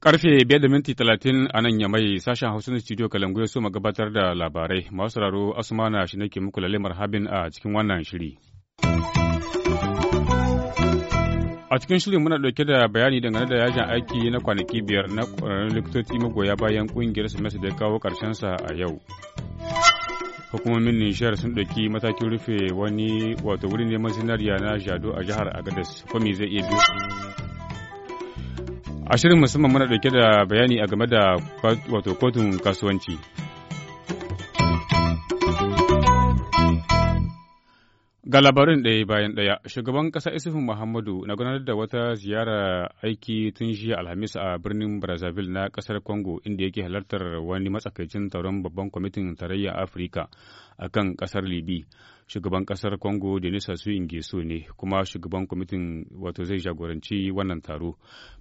Karfe biyar da minti talatin a nan ya mai sashen hausa na studio kalangu ya so gabatar da labarai masu sauraro asumana shi nake muku lalle marhabin a cikin wannan shiri. A cikin shirin muna ɗauke da bayani dangane da yajin aiki na kwanaki biyar na ƙwararrun likitoci magoya bayan ƙungiyar Simesu da kawo sa a yau. Hukumomin Nishar sun ɗauki matakin rufe wani wato wurin neman zinariya na Jado a jihar Agadez, me zai iya A shirin musamman muna ɗauke da bayani a game da wato kotun kasuwanci. Ga labarin ɗaya bayan ɗaya, shugaban ƙasa Isufin Muhammadu na gudanar da wata ziyara aiki tun jiya Alhamis a birnin Brazzaville na ƙasar Congo inda yake halartar wani matsakaicin taron babban kwamitin tarayyar Afirka a kan ƙasar Libi. Shugaban ƙasar Congo Denis Sassou Nguesso ne kuma shugaban kwamitin wato zai jagoranci wannan taro.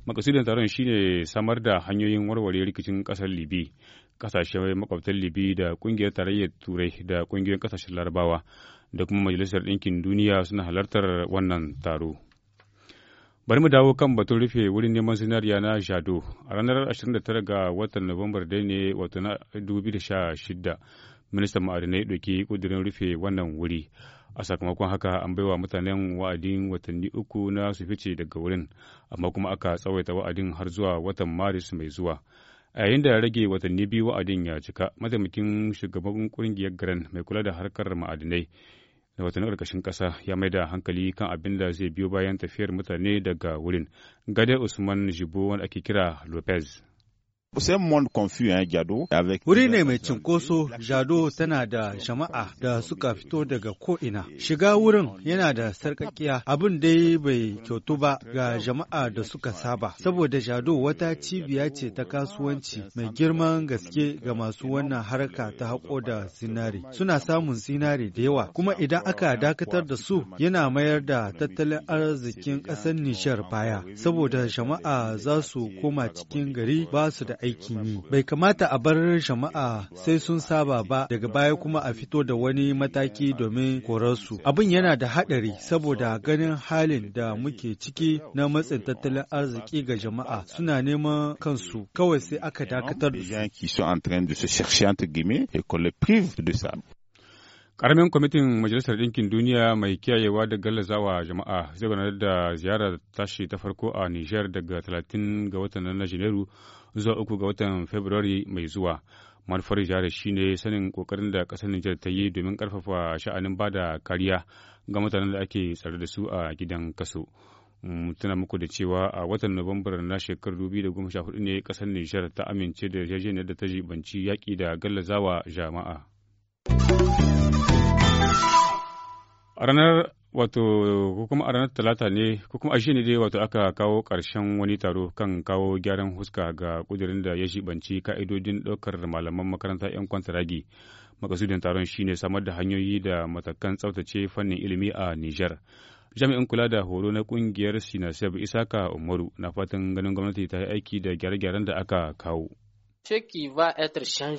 Makasudin taron shine samar da hanyoyin warware rikicin ƙasar Libi. kasashen makwabtan libi da kungiyar tarayyar turai da kungiyoyin kasashen larabawa da kuma majalisar ɗinkin duniya suna halartar wannan taro bari mu dawo kan batun rufe wurin neman zinariya na jado a ranar 29 ga watan nuwambar dai ne wato na 2016 ministan ma'adinai ɗauki ƙudurin rufe wannan wuri a sakamakon haka an baiwa mutanen wa'adin watanni uku na su fice daga wurin amma kuma aka tsawaita wa'adin har zuwa watan maris mai zuwa a yayin da ya rage watanni biyu wa'adin ya cika mataimakin shugaban kungiyar garan mai kula da harkar ma'adinai da watanni ƙarƙashin ƙasa ya mai da hankali kan abin da zai biyo bayan tafiyar mutane daga wurin gadar usman jibo wanda ake kira lopez Wuri ne mai cinkoso, Jado tana da jama'a da suka fito daga ko'ina. Shiga wurin yana da sarƙaƙiya abin dai bai kyautu ba ga jama'a da suka saba, saboda Jado wata cibiya ce ta kasuwanci mai girman gaske ga masu wannan harka ta haƙo da zinari. Suna samun zinari da yawa, kuma idan aka dakatar da su yana mayar da tattalin arzikin ƙasar Nijar baya, saboda jama'a za su koma cikin gari ba su da aikin yi. Bai kamata a bar jama'a sai sun saba ba daga baya kuma a fito da wani mataki domin korarsu. Abin yana da haɗari saboda ganin halin da muke ciki na matsin tattalin arziki ga jama'a suna neman kansu kawai sai aka dakatar da Ƙaramin kwamitin Majalisar Ɗinkin Duniya mai kiyayewa da gallazawa jama'a zai gudanar da ziyarar tashi ta farko a Nijar daga 30 ga watan na Janairu zuwa uku ga watan Fabrairu mai zuwa. Manufar jihar shi ne sanin kokarin da ƙasar Nijar ta yi domin ƙarfafa sha'anin ba da kariya ga mutanen da ake tsare da su a gidan kaso. tana muku da cewa a watan Nuwambar na shekarar 2014 ne ƙasar Nijar ta amince da yarjejeniyar da ta jibanci yaƙi da gallazawa jama'a. A ranar wato ko a ranar talata ne ko kuma a ne dai wato aka kawo ƙarshen wani taro kan kawo gyaran huska ga kudirin da ya shibanci ka'idodin ɗaukar malaman makaranta 'yan ragi makasudin taron shine samar da hanyoyi da matakan tsaftace fannin ilimi a niger jami'in kula da horo na kungiyar sinasef isaka umaru na fatan ganin gwamnati ta yi aiki da gyare-gyaren da aka kawo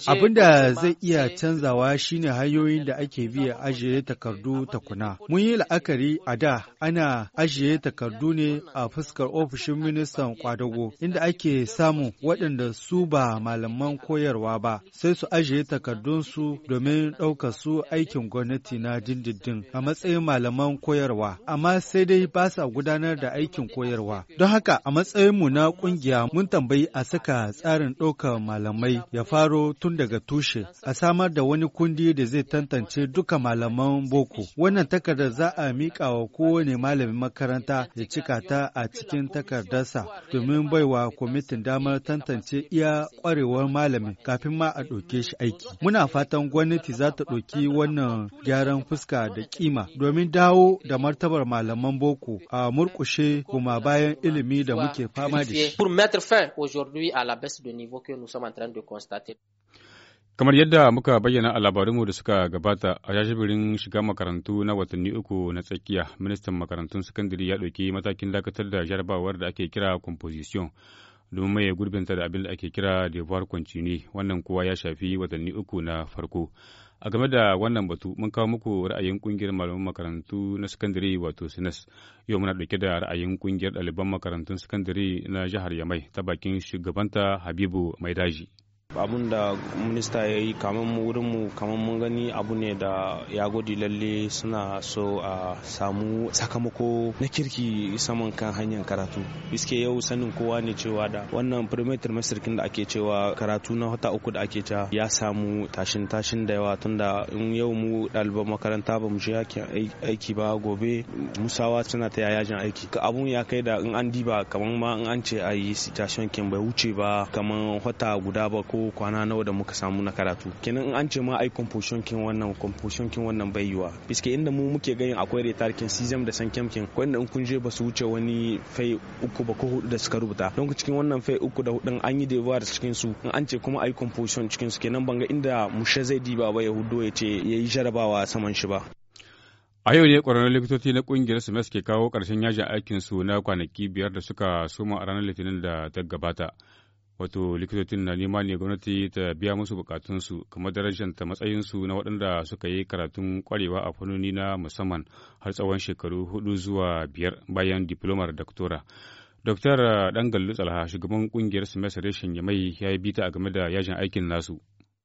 Abin da zai iya canzawa shine hanyoyin da ake biya ajiye takardu ta takuna. Mun yi la'akari a da ana ajiye takardu ne a fuskar ofishin ministan kwadago inda ake samu waɗanda su ba malaman koyarwa ba sai su ajiye takardunsu domin ɗaukar su aikin gwamnati na dindindin a matsayin malaman koyarwa amma sai dai ba sa gudanar da aikin koyarwa. Don haka a matsayinmu na ƙungiya mun tambayi a saka tsarin ɗaukar malamai ya faro tun daga tushe, a samar da wani kundi da zai tantance duka malaman boko. Wannan takarda za a miƙa wa kowane malamin makaranta ya cika ta a cikin takardarsa domin baiwa kwamitin damar tantance iya kwarewar malamin kafin ma a ɗauke shi aiki. Muna fatan gwamnati za ta ɗauki wannan gyaran fuska da kima domin dawo da martabar malaman boko a murkushe kuma bayan ilimi da muke fama da shi. en train de constater. Kamar yadda muka bayyana a labarinmu da suka gabata a shashibirin shiga makarantu na watanni uku na tsakiya, ministan makarantun sakandare ya ɗauki matakin dakatar da jarabawar da ake kira composition domin mai gurbinta da abin da ake kira devoir continue wannan kowa ya shafi watanni uku na farko. A game da wannan batu mun kawo muku ra'ayin kungiyar malaman makarantu na sakandare wato sinas Yau muna ɗauke da ra'ayin kungiyar ɗaliban makarantun sakandare na jihar Yamai ta bakin shugabanta Habibu Maidaji. abun da minista ya yi kamar mu wurin mu kamar mun gani abu ne da ya gode lalle suna so a samu sakamako na kirki saman kan hanyar karatu iske yau sanin kowa ne cewa da wannan perimeter masirkin da ake cewa karatu na wata uku da ake ta ya samu tashin tashin da yawa tunda in yau mu ɗaliban makaranta ba mu je aiki ba gobe musawa suna ta yaya yajin aiki abun ya kai da in an diba kamar ma in an ce a yi kin bai wuce ba kamar wata guda ba ko ko kwana nawa da muka samu na karatu kenan in an ce ma ai composition kin wannan composition kin wannan bai yiwa biske inda mu muke ganin akwai retarkin sizem da san kyamkin inda in kun je ba su wuce wani fai uku ba ko hudu da suka rubuta don cikin wannan fai uku da hudun an yi da devoir cikin su in an ce kuma ai composition cikin su kenan banga inda mushe zai diba ba yahudo ya ce yayi jarabawa saman shi ba A yau ne ƙwararrun likitoci na ƙungiyar SMES ke kawo ƙarshen yajin su na kwanaki biyar da suka soma a ranar Litinin da ta gabata. wato likitocin na nema ne gwamnati ta biya musu bukatunsu kamar ta matsayinsu na waɗanda suka yi karatun kwarewa a fannoni na musamman har tsawon shekaru hudu zuwa biyar bayan diplomar doktora. Dr. Eh, dangal Lutsalha, shugaban kungiyar Semester Reshen Yamai ya yi bita a game da yajin aikin nasu.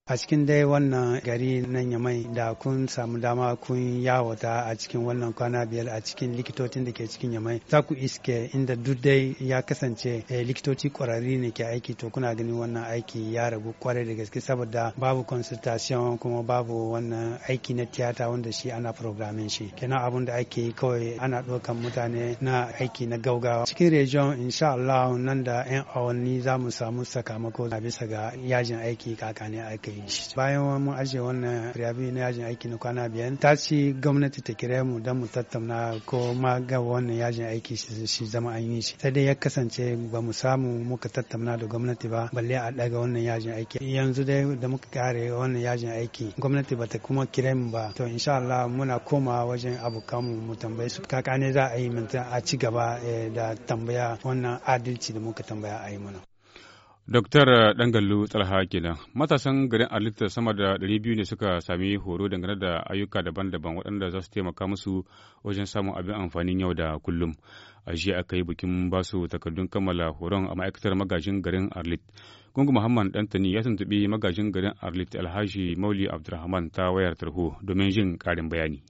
A cikin dai wannan gari nan ya da kun samu dama kun yawata a cikin wannan kwana biyar a cikin likitocin da ke cikin ya mai za ku iske inda duk dai ya kasance eh, likitoci kwararri ne ke aiki to kuna ganin wannan aiki ya ragu kwarai da gaske saboda babu consultation kuma babu wannan aiki na tiyata wanda shi ana programming shi kenan abun da ake yi kawai ana ɗaukan mutane na aiki na gaugawa cikin region insha Allah nan da 'yan awanni za mu samu sakamako bisa ga yajin aiki kakane aiki yi shi bayan mun ajiye wannan riyabi na yajin aiki na kwana biyar ta ce gwamnati ta kira mu don mu tattauna ko ma ga wannan yajin aiki shi zama an yi shi sai dai ya kasance ba mu samu muka tattauna da gwamnati ba balle a daga wannan yajin aiki yanzu dai da muka kare wannan yajin aiki gwamnati ta kuma kira mu ba to insha Allah muna koma wajen abokanmu mu tambaye su kakane za a yi minta a ci gaba eh, da tambaya wannan adalci da muka tambaya a yi mana Doktar ɗangallu eh, Tsalha kenan matasan garin Alita sama da 200 ne suka sami horo dangane da ayyuka daban-daban waɗanda za su taimaka musu wajen samun abin amfanin yau da kullum. A jiya aka yi bikin basu takardun kammala horon a ma'aikatar magajin garin Arlit. Gungu Muhammad Dantani ya tuntuɓi magajin garin Arlit Alhaji Mauli Abdulrahman ta wayar tarho domin jin ƙarin bayani.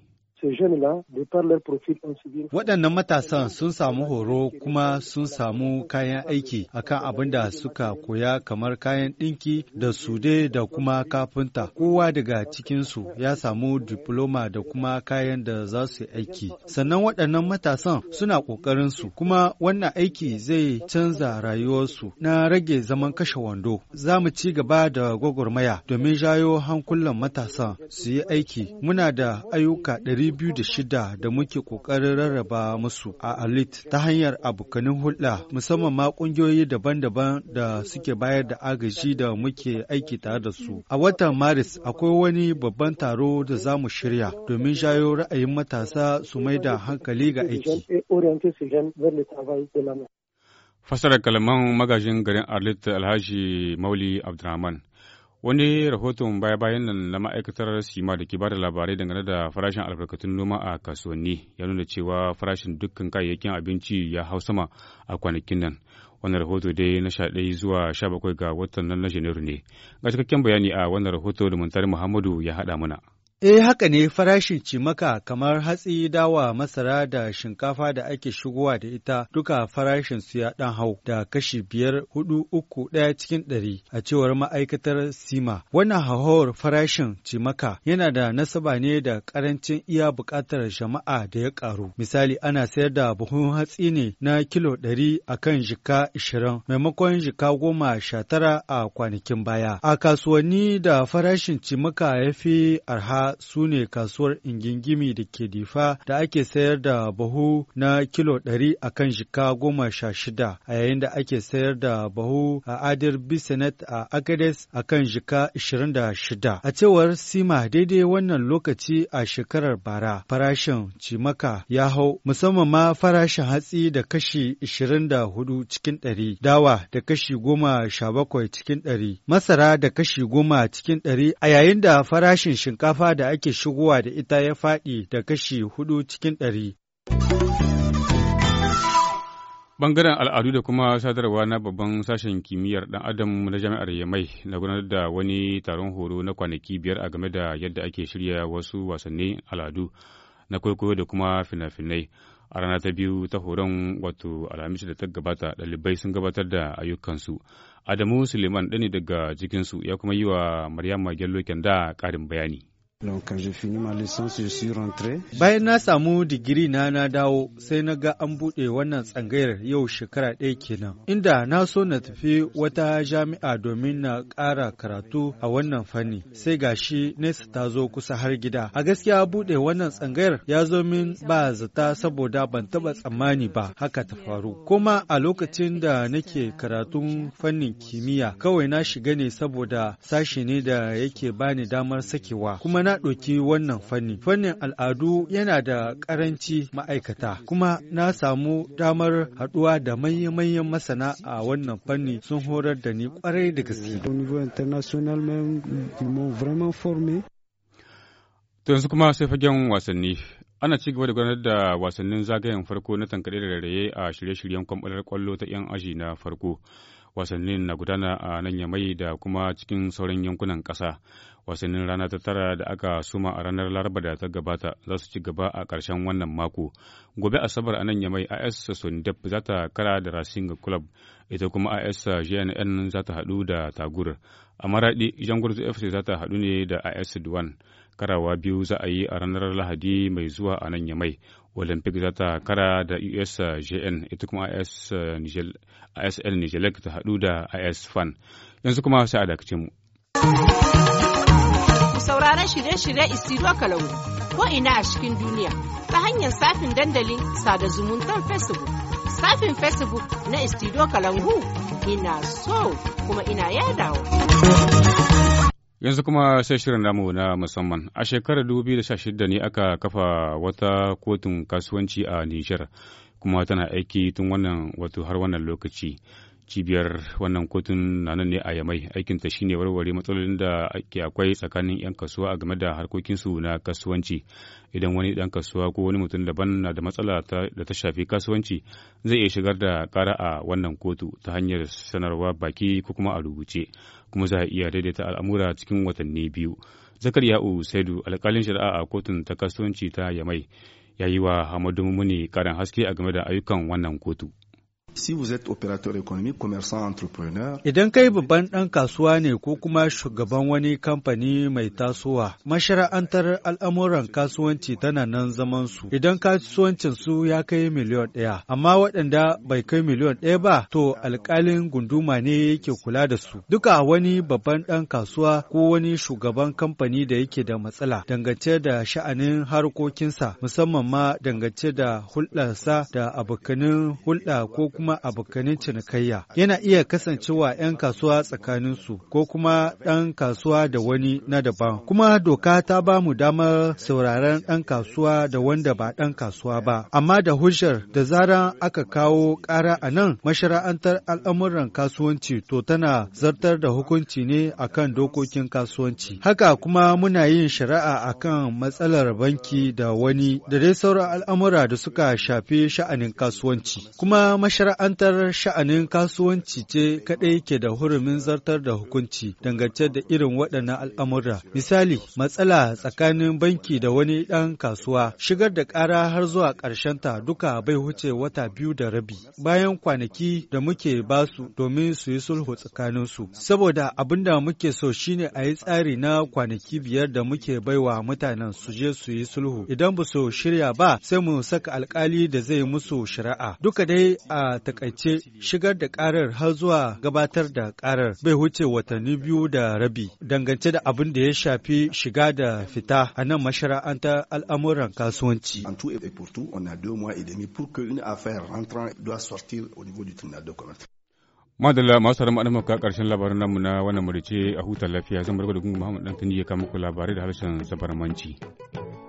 Waɗannan matasan sun samu horo kuma sun samu kayan aiki akan abin da suka koya kamar kayan ɗinki da sude da kuma kafinta. Kowa daga cikinsu ya samu diploma da kuma kayan da za su aiki. Sannan waɗannan matasan suna su kuma wannan aiki zai canza rayuwarsu na rage zaman kashe wando. Za mu ci gaba da gwagwarmaya domin jayo hankulan matasan su yi aiki. Muna da ayyuka ɗari biyu da muke ƙoƙarin rarraba musu a Alit ta hanyar abokanin hulɗa musamman ma ƙungiyoyi daban-daban da suke bayar da agaji da muke aiki tare da su. A watan Maris akwai wani babban taro da za mu shirya domin shayo ra'ayin matasa su mai da hankali ga aiki. Fasarar kalaman magajin garin alit Alhaji Mauli Abdulrahman. Wani rahoton baya-bayan nan na ma'aikatar Sima da ke ba da labarai dangane da farashin albarkatun noma a kasuwanni ya nuna cewa farashin dukkan kayayyakin abinci ya hau sama a kwanakin nan. Wannan rahoto dai na sha zuwa sha bakwai ga watan nan na Janairu ne. Ga cikakken bayani a wannan rahoto da Muntari Muhammadu ya haɗa mana. Eh haka ne farashin cimaka kamar hatsi, dawa, masara da shinkafa da ake shigowa da ita duka farashin su ya dan hau da kashi biyar hudu uku ɗaya cikin ɗari a cewar ma'aikatar Sima. Wannan hauhawar farashin cimaka yana da nasaba ne da karancin iya bukatar jama'a da ya ƙaru. Misali ana sayar da buhun hatsi ne na kilo ɗari a kan jika ishirin maimakon jika goma sha tara a kwanakin baya. A kasuwanni da farashin cimaka ya fi arha su ne kasuwar ingingimi da ke difa da ake sayar da bahu na kilo 100 a kan shika goma sha shida a yayin da ake sayar da bahu a adir bisanet a agades a kan shika ishirin A cewar Sima daidai wannan lokaci a shekarar bara farashin cimaka ya hau musamman ma farashin hatsi da kashi ishirin da cikin 100 dawa da kashi goma sha bakwai cikin 100 masara da kashi goma cikin ɗari a yayin da farashin shinkafa da da ake shigowa da ita ya faɗi da kashi hudu cikin ɗari. Bangaren al'adu da kuma sadarwa na babban sashen kimiyyar ɗan adam na jami'ar Yamai na gudanar da wani taron horo na kwanaki biyar a game da yadda ake shirya wasu wasannin al'adu na kwaikwayo da kuma fina-finai. A rana ta biyu ta horon wato alhamis da ta gabata ɗalibai sun gabatar da ayyukansu. Adamu Suleiman ɗani daga cikinsu ya kuma yi wa Maryam Magyar da ƙarin bayani. Bayan na samu digiri na na dawo sai na ga an buɗe wannan tsangayar yau shekara ɗaya kenan. Inda na so na tafi wata jami'a domin na ƙara karatu a wannan fanni sai gashi nesa ta zo kusa har gida. A gaskiya buɗe wannan tsangayar ya zo min ba zata saboda ban taɓa tsammani ba haka ta faru. Kuma a lokacin da nake karatun fannin kimiyya kawai na shiga ne saboda sashi ne da yake bani damar sakewa. Kuma na na ɗauki wannan fanni. Fannin al'adu yana da ƙaranci ma'aikata, kuma na samu damar haɗuwa da manya-manyan masana a wannan fanni sun horar da ni kwarai da gaske. To yanzu kuma sai fagen wasanni. Ana ci gaba da gudanar da wasannin zagayen farko na tankaɗe da rairaye a shirye-shiryen kwamɓalar kwallo ta 'yan aji na farko. Wasannin na gudana a nan yamai da kuma cikin sauran yankunan ƙasa. wasannin rana ta tara da aka suma a ranar laraba da ta gabata za su ci gaba a karshen wannan mako gobe asabar a nan yamai as sundep za ta kara da racing club ita kuma as gnn za ta haɗu da tagur a maraɗi jangurzu fc za ta haɗu ne da as duwan karawa biyu za a yi a ranar lahadi mai zuwa a nan yamai olympic za ta kara da gn ita kuma asl nijelek ta haɗu da as fan yanzu kuma sai a dakace mu sauraron shirye-shirye Isiro Kalangu ko ina a cikin duniya ta hanyar safin dandalin sada zumuntar Facebook. Safin Facebook na Isiro Kalangu ina so kuma ina yadawa. Yanzu kuma sai shirin namu na musamman. A shekarar 2016 ne aka kafa wata kotun kasuwanci a Nijar kuma tana aiki tun wannan wato har wannan lokaci. cibiyar wannan kotun na nan ne a yamai aikinta shine warware matsalolin da ke akwai tsakanin 'yan kasuwa a game da harkokinsu na kasuwanci idan wani dan kasuwa ko wani mutum daban na da matsala da ta shafi kasuwanci zai iya shigar da kara a wannan kotu ta hanyar sanarwa baki ko kuma a rubuce kuma za a iya daidaita al'amura cikin watanni biyu zakariya'u saidu alkalin shari'a a kotun ta kasuwanci ta yamai ya yi wa hamadu muni karan haske a game da ayyukan wannan kotu Si vous êtes opérateur économique, commerçant, entrepreneur. Idan kai babban ɗan kasuwa ne ko kuma shugaban wani kamfani mai tasowa, mashara'antar al'amuran kasuwanci tana nan zaman su. Idan kasuwancin su ya kai miliyon ɗaya, amma waɗanda bai kai miliyon ɗaya ba, to alƙalin gunduma ne yake kula da su. Duka wani babban ɗan kasuwa ko wani shugaban kamfani da yake da matsala dangance da sha'anin harkokinsa, musamman ma dangance da hulɗarsa da abokanin hulɗa ko kuma kuma abokanin cinikayya. Yana iya kasancewa 'yan kasuwa tsakanin su ko kuma ɗan kasuwa da wani na daban. Kuma doka ta ba mu damar sauraren ɗan kasuwa da wanda ba ɗan kasuwa ba. Amma da hujjar da zaran aka kawo ƙara a nan mashara'antar al'amuran kasuwanci to tana zartar da hukunci ne akan dokokin kasuwanci. Haka kuma muna yin shari'a akan matsalar banki da wani da dai sauran al'amura da suka shafi sha'anin kasuwanci. Kuma mashara Masana'antar sha'anin kasuwanci ce kaɗai ke da hurumin zartar da hukunci dangance da irin waɗannan al'amura. Misali, matsala tsakanin banki da wani ɗan kasuwa, shigar da ƙara har zuwa ƙarshen ta duka bai wuce wata biyu da rabi. Bayan kwanaki da muke ba su domin su yi sulhu su Saboda abin da muke so shine a yi tsari na kwanaki biyar da muke baiwa mutanen su je su yi sulhu. Idan ba su shirya ba, sai mu saka alkali da zai musu shari'a. Duka dai a takaice shigar da karar har zuwa gabatar da karar bai wuce watanni biyu da rabi dangance da abin da ya shafi shiga da fita a nan mashara'anta al'amuran kasuwanci. Madalla masu tarin ma'adama ka ƙarshen labarin namu na wannan murice a hutar lafiya zan bar da gungun Muhammad tuni ya kama ku labarai da harshen manci